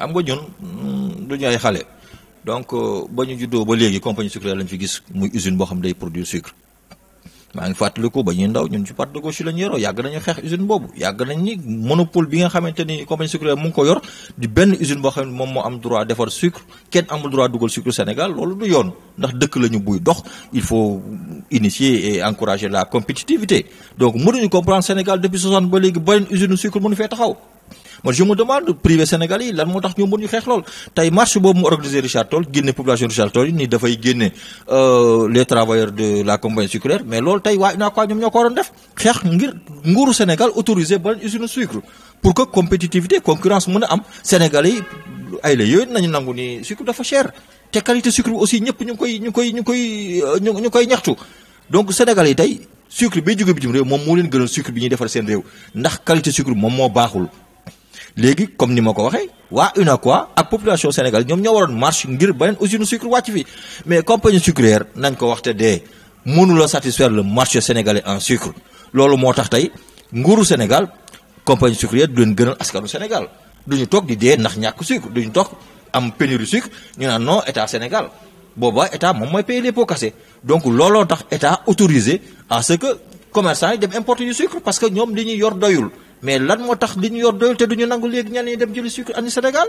xam nga ñun hmm, du ñu ay xale donc euh, ba ñu juddoo ba léegi compagnie sucrière lañ fi gis muy usine boo xam day produire sucre maa ngi fàttaliku ba ñuy ndaw ñun ci parti de gauche lañ yoroo yàgg nañu xeex usine boobu yàgg nañ ni monopole bi nga xamante compagnie sucrière mu ko yor di ben usine boo xam ne moom am droit defar sucre ken amul droit dugal sucre Sénégal loolu du yoon ndax dëkk la buy dox il faut initier et encourager la compétitivité donc mënuñu comprendre Sénégal depuis 60 ba léegi benn usine sucre mënu fee taxaw man je me demande privé sénégalais yi lan moo tax ñu mën ñu lool tay marche bobu mu organisé Richard Toll génne population Richard Toll da ni guéné euh les travailleurs de la compagnie sucrière mais lool tay wa UNACOIS ñoom ñoo ko waroon def xex ngir nguru Sénégal autorisé ba usine sucre pour que compétitivité concurrence mëna am sénégalais ay la yooyu nañu nangu ni sucre dafa cher té qualité sucre aussi ñëpp ñu ngi koy ñu koy ñu koy euh, ñu koy ñaxtu donc sénégalais, tay sucre bi jóge bitim réew mom mo leen gënal sucre bi ñi défar sen réew ndax qualité sucre mom mo baxul léegi comme ni mako ko wa une quoi, ak population Sénégal ñom ñoo waron marche ngir beneen usine sucre wàcc fi mais compagnie sucrière nañ ko wax dé mënu la satisfaire le marché sénégalais en sucre lolu motax tay nguru Sénégal compagnie sucrière du leen gënal askanu Sénégal duñu tok di dé nak ñak sucre duñu tok am pénurie sucre ñu naan non état Sénégal boba état mom moy payer les pots cassés donc lolu tax état autorisé à ce que commerçants yi dem importer du sucre parce que ñom li ñuy yor doyul mais lan moo tax li ñu yor doyul te du ñu nangu léegi ñenn ñi dem si sucre andi Sénégal